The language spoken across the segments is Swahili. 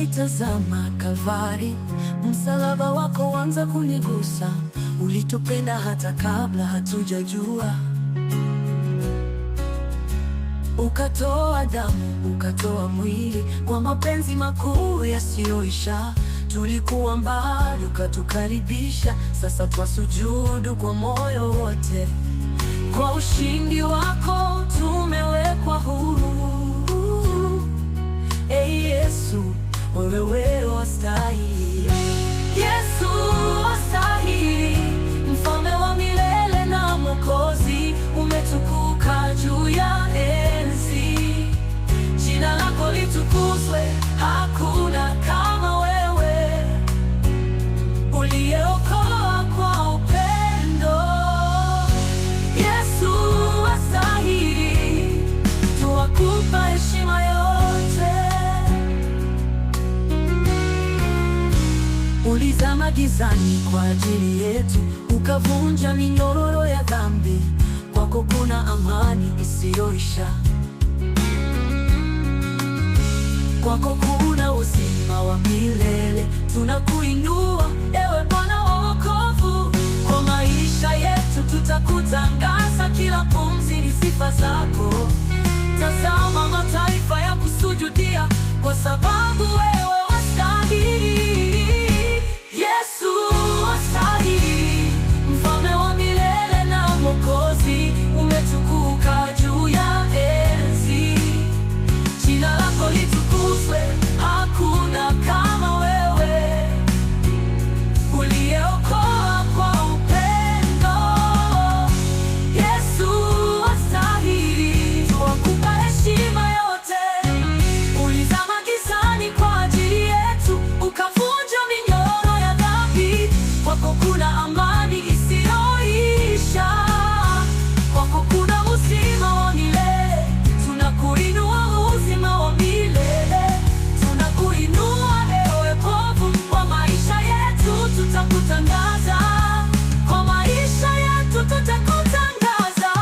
itazama Kalvari, msalaba wako wanza kunigusa. Ulitupenda hata kabla hatujajua, ukatoa damu, ukatoa mwili kwa mapenzi makuu yasiyoisha. Tulikuwa mbali, ukatukaribisha. Sasa twasujudu kwa moyo wote. Kwa ushindi wako tumewekwa huru. Ulizama gizani kwa ajili yetu, ukavunja minyororo ya dhambi. Kwako kuna amani isiyoisha, kwako kuna uzima wa milele. Tunakuinua ewe Bwana wa wokovu, kwa maisha yetu tutakutangaza, kila pumzi ni sifa zako. tutatangaza kwa maisha yetu, tutakutangaza.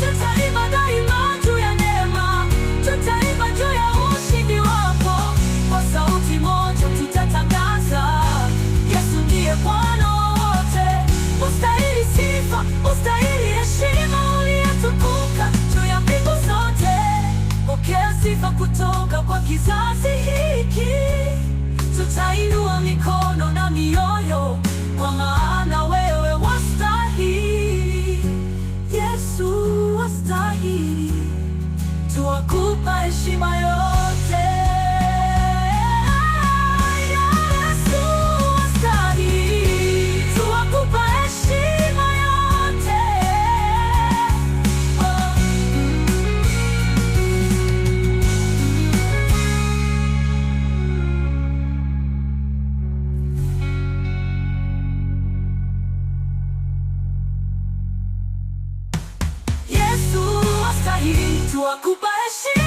Tutaimba daima juu ya neema, tutaimba juu ya ushindi wako. Kwa sauti moja tutatangaza, Yesu ndiye Bwana wote. Ustahili sifa, ustahili heshima, uliyetukuka juu ya mbingu zote. Pokea sifa kutoka kwa kizazi hiki, tutainua mikono na mioyo Закупай, Шимайо Wakubashiri